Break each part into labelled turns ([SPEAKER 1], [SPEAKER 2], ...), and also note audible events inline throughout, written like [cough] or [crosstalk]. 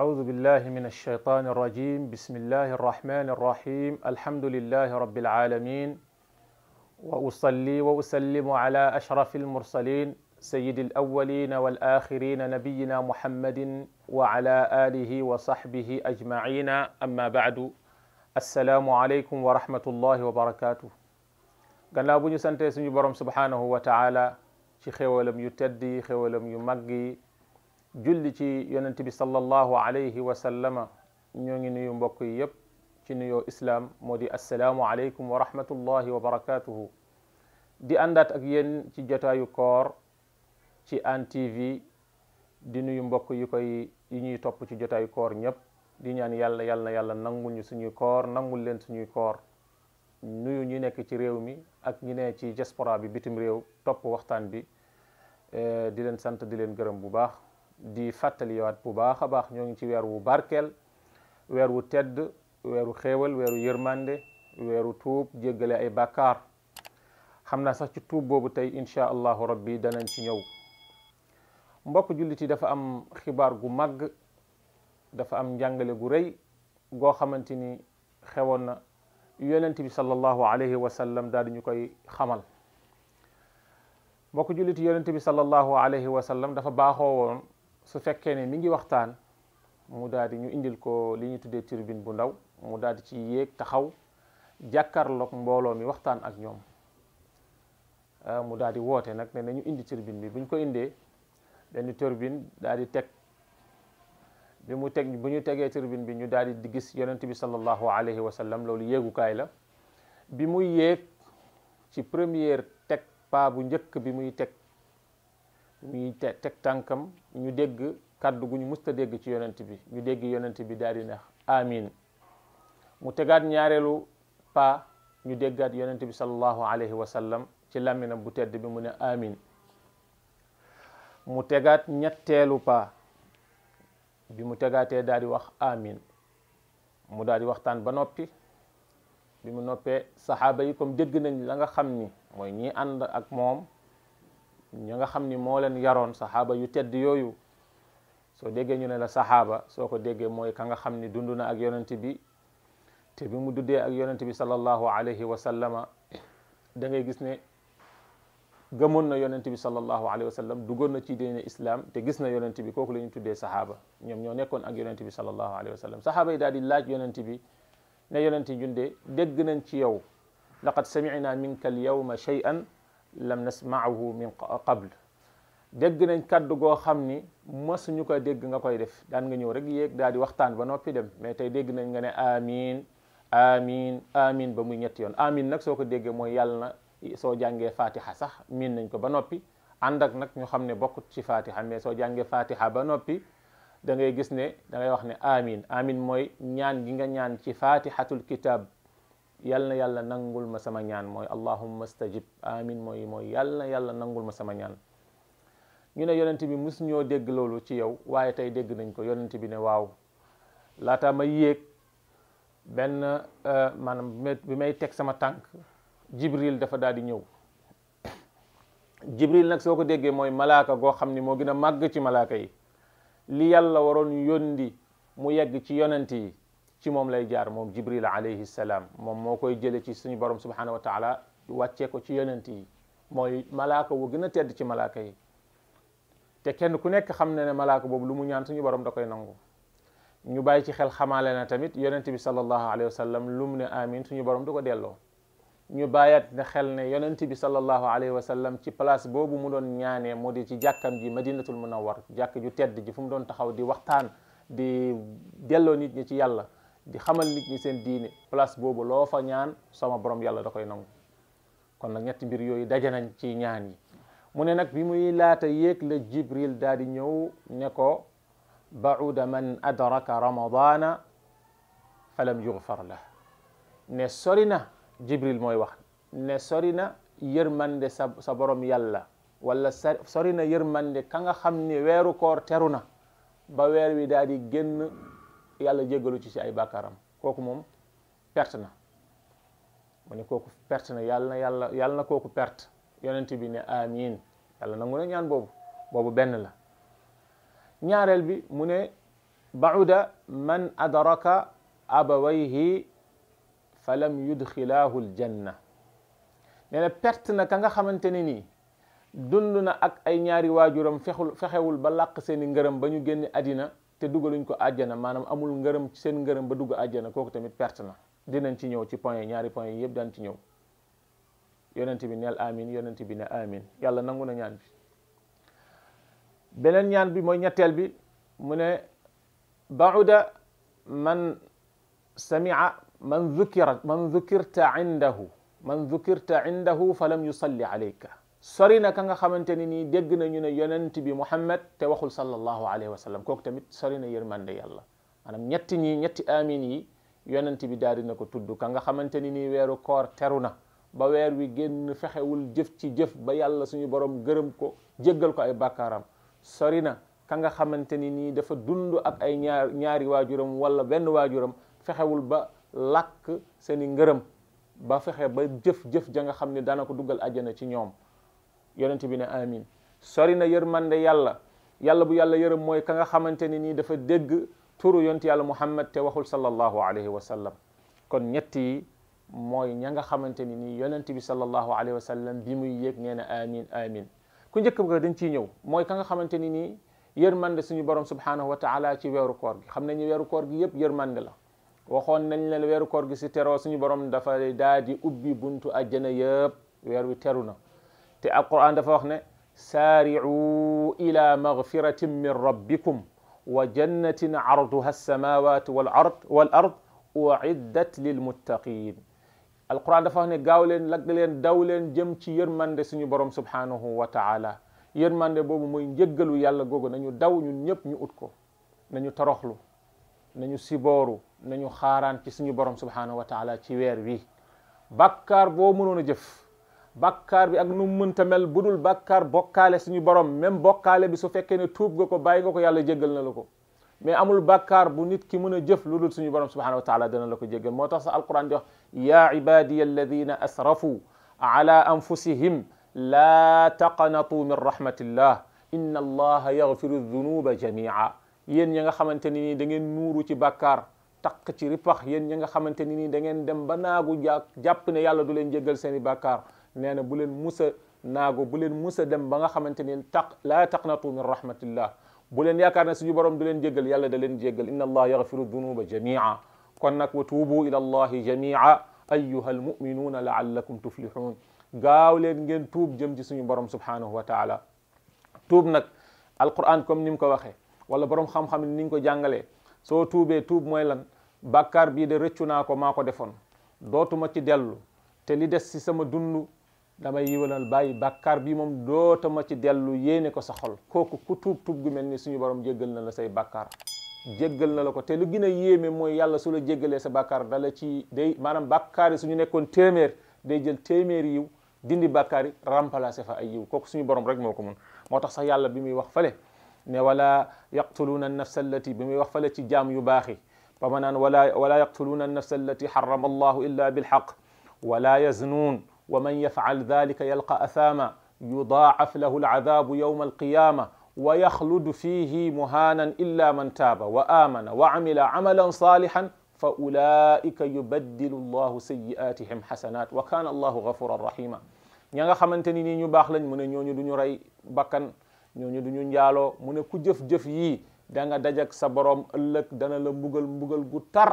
[SPEAKER 1] أعوذ بالله من الشيطان الرجيم بسم الله الرحمن الرحيم الحمد لله رب العالمين وأصلي وأسلم على أشرف المرسلين سيد الأولين والآخرين نبينا محمد وعلى آله وصحبه أجمعين أما بعد السلام عليكم ورحمة الله وبركاته قال أبو سنتي سنجبرم سبحانه وتعالى شيخي ولم يتدي خي ولم يمقي julli ci yonent bi sallallahu alayhi wa sallama ñoo ngi nuyu mbokk yi yépp ci nuyoo islaam moo di assalaamu aleykum wa rahmatullahi wa barakatuhu di àndaat ak yéen ci jotaayu koor ci Hann TV di nuyu mbokk yu koy yi ñuy topp ci jotaayu koor ñépp di ñaan yàlla yàlla yàlla nangul suñuy koor nangul leen suñuy koor nuyu ñi nekk ci réew mi ak ñi ne ci diaspora bi bitim réew topp waxtaan bi eh, di leen sant di leen gërëm bu baax di fàttaliwaat bu baax a baax ñoo ngi ci weer wu barkeel weer wu tedd weeru xéewal weeru yërmande weeru tuub jéggale ay bàkkaar xam naa sax ci tuub boobu tey incha allahu rabbi danañ ci ñëw mbokk jullit yi dafa am xibaar gu màgg dafa am njàngale gu rëy goo xamante ni xewoon na yonent bi sallallahu alayhi wa daal di koy xamal dafa baaxoo su fekkee ne mi ngi waxtaan mu daal di ñu indil ko li ñu tuddee turbine bu ndaw mu daal di ci yéeg taxaw jàkkaarloog mbooloo mi waxtaan ak ñoom euh, mu daal di woote nag ne na ñu indi turbine bi buñ ko indee dañu turbine daal di teg bi mu teg bu ñu tegee turbine bi ñu daal di gis yonent bi sallallahu alayhi wa sallam loolu yéegukaay la bi muy yéeg ci première teg pas bu njëkk bi muy teg muy te teg tànkam ñu dégg kàddu gu ñu musta dégg ci yonent bi ñu dégg yonent bi daal di neex amin mu tegaat ñaareelu pa ñu déggaat yonent bi sallallahu alayhi wa ci làmminam bu tedd bi mu ne amin mu tegaat ñetteelu pa bi mu tegaatee daal di wax amin mu daal di waxtaan ba noppi bi mu noppee saxaaba yi comme dégg nañ la nga xam ni mooy ñi ànd ak moom ña nga xam ni moo leen yaroon saxaaba yu tedd yooyu soo déggee ñu ne la saxaaba soo ko déggee mooy ka nga xam ni dund na ak yonent bi te bi mu duddee ak yonent bi sallallahu alayhi wa sallama da ngay gis ne gëmoon na yonent bi sallallahu alayhi wa sallam duggoon na ci diine islam te gis na yonent bi kooku la ñu tuddee saxaaba ñoom ñoo nekkoon ak yonent bi sallallahu alayhi wa sallam saxaaba yi daal di laaj yonent bi na yonent yi ñun dégg nañ ci yow laqad samicna minka al yawma lam nasmaahu min qabl dégg nañ kàddu goo xam ni mësuñu ko dégg nga koy def daan nga ñëw rek yéeg daal di waxtaan ba noppi dem mais tey dégg nañ nga ne amin amin amin ba muy ñetti yoon amin nag soo ko déggee mooy yàlla na soo jàngee fatiha sax miin nañ ko ba noppi ànd ak nag ñu xam ne bokkut ci fatiha mais soo jàngee fatiha ba noppi da ngay gis ne dangay wax ne amin amin mooy ñaan gi nga ñaan ci fatihatul kitab yàlla na yàlla nangul ma sama ñaan mooy allahumma stajib amin mooy mooy yal na yàlla nangul ma sama ñaan ñu ne yonent bi mus ñoo dégg loolu ci yow waaye tey dégg nañ ko yonent bi ne waaw laataa ma yéeg benn euh, maanaam bi may teg sama tànk jibril dafa daal di ñëw [coughs] jibril nag soo ko déggee mooy malaaka goo xam ni moo gën a màgg ci malaaka yi li yàlla waroon yóndi mu yegg ci yonent yi ci moom lay jaar moom jibril alayhi salaam moom moo koy jële ci suñu borom subhanahu wa taala wàccee ko ci yonent yi mooy malaaka wu gën a tedd ci malaaka yi te kenn ku nekk xam na ne malaaka boobu lu mu ñaan suñu borom da koy nangu ñu bàyyi ci xel xamaale na tamit yonent bi sallallahu alayhi wa sallam lu mu ne amin suñu borom du ko delloo ñu bàyyaat ne xel ne yonent bi sallallahu alayhi wa sallam ci place boobu mu doon ñaanee moo di ci jàkkam ji madinatul munawwar jàkk ju tedd ji fu mu doon taxaw di waxtaan di delloo nit ñi ci yàlla di xamal ni ñi seen diine place boobu loo fa ñaan sama borom yàlla da koy nangu kon nag ñetti mbir yooyu daje nañ ci ñaan yi mu ne nag bi muy laata yéeg la jibril daal di ñëw ne ko ba bauda man adraka ramadana falam yughfar la ne sori na jibril mooy wax ne sori na yërmande sa sa borom yàlla wala sori na mande ka nga xam ni weeru koor teru na ba weer wi daal di yàlla jéggalu ci si ay bàkkaaram kooku moom perte na mu ne kooku perte yàlla na yàlla yàlla na kooku perte yonent bi ne amiin yàlla nangu na ñaan boobu boobu benn la ñaareel bi mu ne bauda man adraka abawayhi falam yudxilaahu ljanna nee na perte na ka nga xamante ne nii dund na ak ay ñaari waajuram fexul fexewul ba làq seeni ngërëm ba ñu génn àddina te dugaluñ ko àjjana maanaam amul ngërëm seen ngërëm ba dugg àjjana kooku tamit perte na dinañ ci ñëw ci point ñaari point yi yëpp daan ci ñëw yonent bi neel amin yonent bi ne amin yàlla nangu na ñaan bi beneen ñaan bi mooy ñetteel bi mu ne bauda man samia man zukira man zukirta indahu man zukirta indahu fa lam yusalli alayka sori na ka nga xamante ni nii dégg nañu ne yonent bi muhammad te waxul sallallahu alayhi wa sallam kooku tamit sori na yërmande yàlla maanaam ñetti ñii ñetti amin yi yonent bi daal dina ko tudd ka nga xamante ni nii weeru koor teru na ba weer wi génn fexewul jëf ci jëf ba yàlla suñu borom gërëm ko jéggal ko ay bàkkaaram sori na ka nga xamante ni nii dafa dund ak ay ñaar ñaari waajuram wala benn waajuram fexewul ba làkk seeni ngërëm ba fexe ba jëf-jëf ja nga xam ne dana ko duggal àjjana ci ñoom yonent bi ne amin sori na yërmande yàlla yàlla bu yàlla yërëm moy ka nga xamanteni ni dafa deg turu yonent yàlla muhammad te waxul sallallahu alayhi wa sallam kon ñetti moy ña nga xamanteni ni yonent bi sallallahu alayhi wa sallam bi muy yek neena amin amin ku njëkk ba dañ ci ñëw moy ka nga xamanteni ni yërmande suñu borom subhanahu wa taala ci wëru koor gi xamna ñu wëru koor gi yëpp yërmande la waxon nañ la wëru koor gi ci tero suñu borom dafa daa ubbi buntu aljana yëpp wëru wi تي القران دا فا واخني سارعوا الى مغفره من ربكم وجنه عرضها السماوات والارض والارض اعدت للمتقين القران دا فا واخني غاو لين لاغ لين داو لين جيم تي يرماند سونو بروم سبحانه وتعالى يرماند بوبو موي نجهغلو يالا غوغو نانيو داو نيون نييب ني اوتكو نانيو تاروخلو نانيو سيبورو نانيو خاران تي سونو بروم سبحانه وتعالى تي وير وي بكار بو مونونو جيف bakkar bi ak num mënta mel bu dul bàkkaar suñu borom même bokale bi su fekke ne tuub goko bay goko yàlla jéggal na lako mais amul bakkar bu nit ki mën jëf lulul suñu borom subhanahu wa taala dana lako jéggal sa alquran di wax ya ibadi alladhina asrafu ala anfusihim la taqnatu min rahmatillah inna allah yaghfiru dhunuba jamia yen ñi nga xamanteni ni da ngeen nuru ci bakkar tak ci ripax yen ñi nga xamanteni ni da ngeen dem ba nagu jàpp ne yàlla du len jéggal seen bakkar nee na bu leen mus a naago bu leen mus a dem ba nga xamante ni taq laa taqnatu min rahmatillah bu leen yaakaar ne suñu borom du leen jéggal yàlla da leen jéggal inna allah yaghfiru dunuba jamia kon nag wa tuubu ila allahi jamia ayyuha almuminuuna laallakum tuflihun gaaw leen ngeen tuub jëm ci suñu borom subhanahu wa taala tuub nag alquran comme ni ko waxee wala borom xam-xam ko jàngalee soo tuubee tuub mooy lan bàkkaar bii de rëccu naa ko maa ko defoon dootuma ci dellu te li sama dund damay yiwalal baye bakkar bi moom dootama ci delu yene ko sa xol kooku ku tup tup gu melni suñu borom jéggal na la say bakkar jéggal na la ko te lu gina yéme moy yàlla su la jéggalé sa bakkar dala ci day manam bakkar suñu nekkon témèr day jël témèr yiw dindi bàkkaar remplacer fa ay yiw koku suñu borom rek moko ko mun moo sax yàlla bi muy wax fale ne wala yaqtuluna an-nafs allati bi muy wax fale ci jaam yu baxi yi wala wala yaqtuluna an-nafs allati harrama allahu illa bil haqq wala yaznuun ومن يفعل ذلك يلقى اثاما يضاعف له العذاب يوم القيامه ويخلد فيه مهانا الا من تاب وامن وعمل عملا صالحا فاولئك يبدل الله سيئاتهم حسنات وكان الله غفورا رحيما ña xamanteni ni ñu bax lañ mu ne ñooñu duñu ñu rey bakkan ñooñu du ñu njaaloo mu ne ku jëf-jëf yi da nga dajak sa borom ëllëg dana la mbugal mbugal gu tar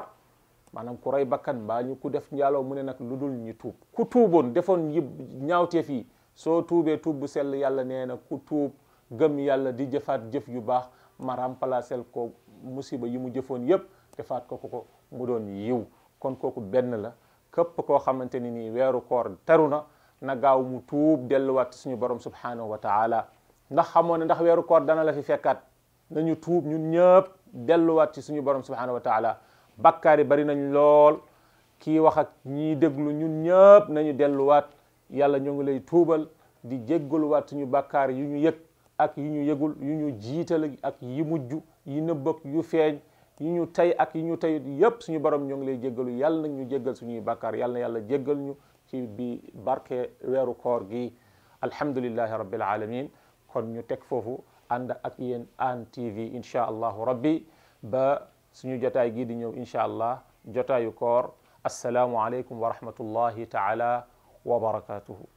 [SPEAKER 1] maanaam ku rey bakkan mbaa ñu ku def njaaloo mu ne nag lu dul ñu tuub ku tuuboon defoon yib ñaawteef yi soo tuubee tuub bu sell yàlla nee na ku tuub gëm yàlla di jëfaat jëf yu baax ma remplacer ko musiba yi mu jëfoon yépp defaat ko ko mu doon yiw kon kooku benn la képp koo xamante ni nii weeru koor teru na na gaaw mu tuub delluwaat suñu borom subhanahu wa taala ndax xamoo ne ndax weeru koor dana la fi fekkaat nañu tuub ñun ñëpp delluwaat ci suñu borom subhanahu wa taala bakkaar yi bari nañ lool kii wax ak ñii déglu ñun ñëpp nañu delluwaat yàlla ñoo ngi lay tuubal di jéggaluwaat suñu bakkaar yu ñu yëg ak yu ñu yëgul yu ñu jiital ak yi mujj yi nëbb ak yu feeñ yu ñu tey ak yu ñu teyut yëpp suñu borom ñoo ngi lay jéggalu yàlla nag ñu jéggal suñuy yàlla yàlla jéggal ñu ci bi barke weeru koor gi alhamdulillahi rabbil alamin kon ñu teg foofu ànd ak yéen Hann TV incha allahu rabbi سنيو جتاي جي نيو ان شاء الله جتاي كور السلام عليكم ورحمه الله تعالى وبركاته